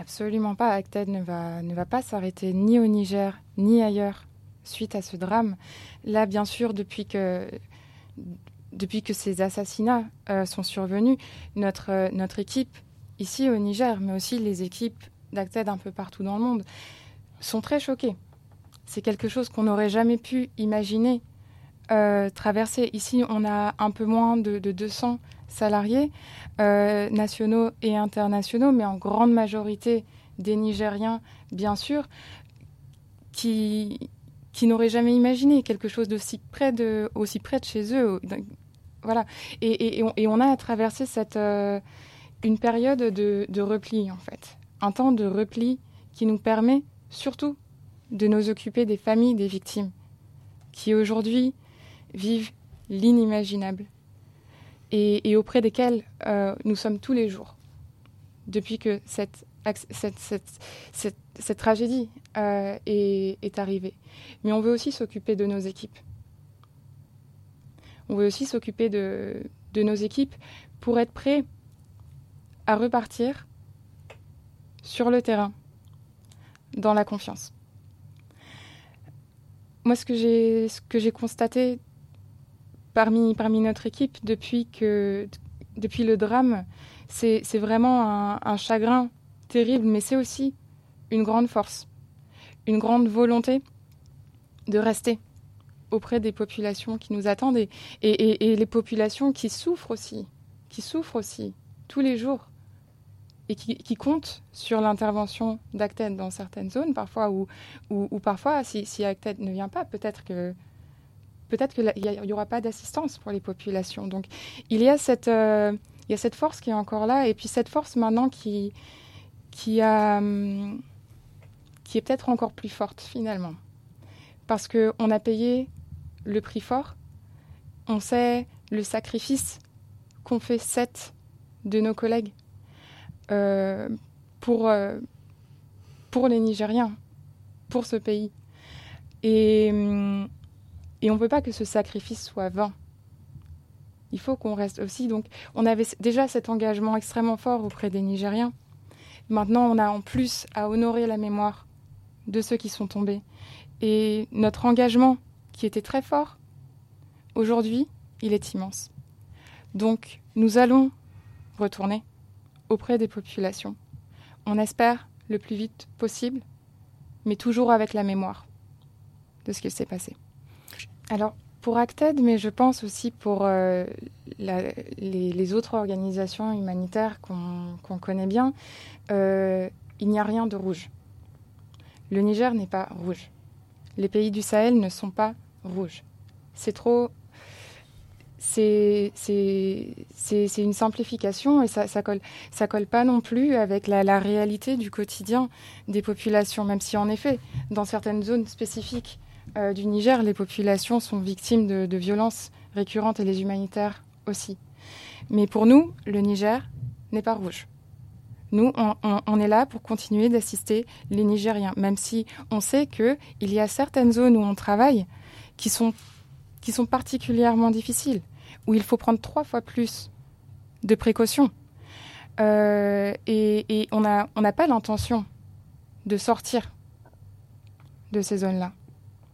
Absolument pas. Acted ne va, ne pas s'arrêter ni au Niger, ni ailleurs, suite à ce drame. Là, bien sûr, depuis que, depuis que ces assassinats euh, sont survenus, notre, euh, notre équipe, ici au Niger, mais aussi les équipes d'Acted un peu partout dans le monde, sont très choquées. C'est quelque chose qu'on n'aurait jamais pu imaginer euh, traversé. Ici, on a un peu moins de, 200 salariés euh, nationaux et internationaux, mais en grande majorité des Nigériens, bien sûr, qui, qui n'auraient jamais imaginé quelque chose d'aussi près de, aussi près de chez eux. Voilà. Et, on, a traversé cette, euh, une période de repli, en fait. Un temps de repli qui nous permet surtout de nous occuper des familles des victimes, qui aujourd'hui vivent l'inimaginable et, auprès desquels euh, nous sommes tous les jours depuis que cette, cette, tragédie euh, est, est arrivée. Mais on veut aussi s'occuper de nos équipes. On veut aussi s'occuper de, de nos équipes pour être prêts à repartir sur le terrain, dans la confiance. Moi, ce que j'ai, ce que j'ai constaté parmi, parmi notre équipe depuis, que, depuis le drame. C'est vraiment un, chagrin terrible, mais c'est aussi une grande force, une grande volonté de rester auprès des populations qui nous attendent et, et, les populations qui souffrent aussi, qui souffrent aussi tous les jours et qui, comptent sur l'intervention d'Acted dans certaines zones parfois ou, parfois si, si Acted ne vient pas, peut-être que peut-être qu'il n'y aura pas d'assistance pour les populations. Donc il y, a cette, euh, il cette force qui est encore là, et puis cette force maintenant qui, qui, a, hum, qui est peut-être encore plus forte finalement. Parce qu'on a payé le prix fort, on sait le sacrifice qu'ont fait sept de nos collègues euh, pour, euh, pour les Nigériens, pour ce pays. Et, hum, et on ne peut pas que ce sacrifice soit vain. Il faut qu'on reste aussi. Donc, on avait déjà cet engagement extrêmement fort auprès des Nigériens. Maintenant, on a en plus à honorer la mémoire de ceux qui sont tombés. Et notre engagement, qui était très fort, aujourd'hui, il est immense. Donc, nous allons retourner auprès des populations. On espère le plus vite possible, mais toujours avec la mémoire de ce qu'il s'est passé. Alors, pour Acted, mais je pense aussi pour euh, les, autres organisations humanitaires qu'on connaît bien, euh, il n'y a rien de rouge. Le Niger n'est pas rouge. Les pays du Sahel ne sont pas rouges. C'est trop. C'est une simplification et ça, ça colle ça colle pas non plus avec la réalité du quotidien des populations, même si en effet, dans certaines zones spécifiques, euh, du Niger, les populations sont victimes de, violences récurrentes et les humanitaires aussi. Mais pour nous, le Niger n'est pas rouge. Nous, on, est là pour continuer d'assister les Nigériens, même si on sait qu'il y a certaines zones où on travaille qui sont, qui sont particulièrement difficiles, où il faut prendre trois fois plus de précautions. Euh, et, on n'a pas l'intention de sortir de ces zones-là.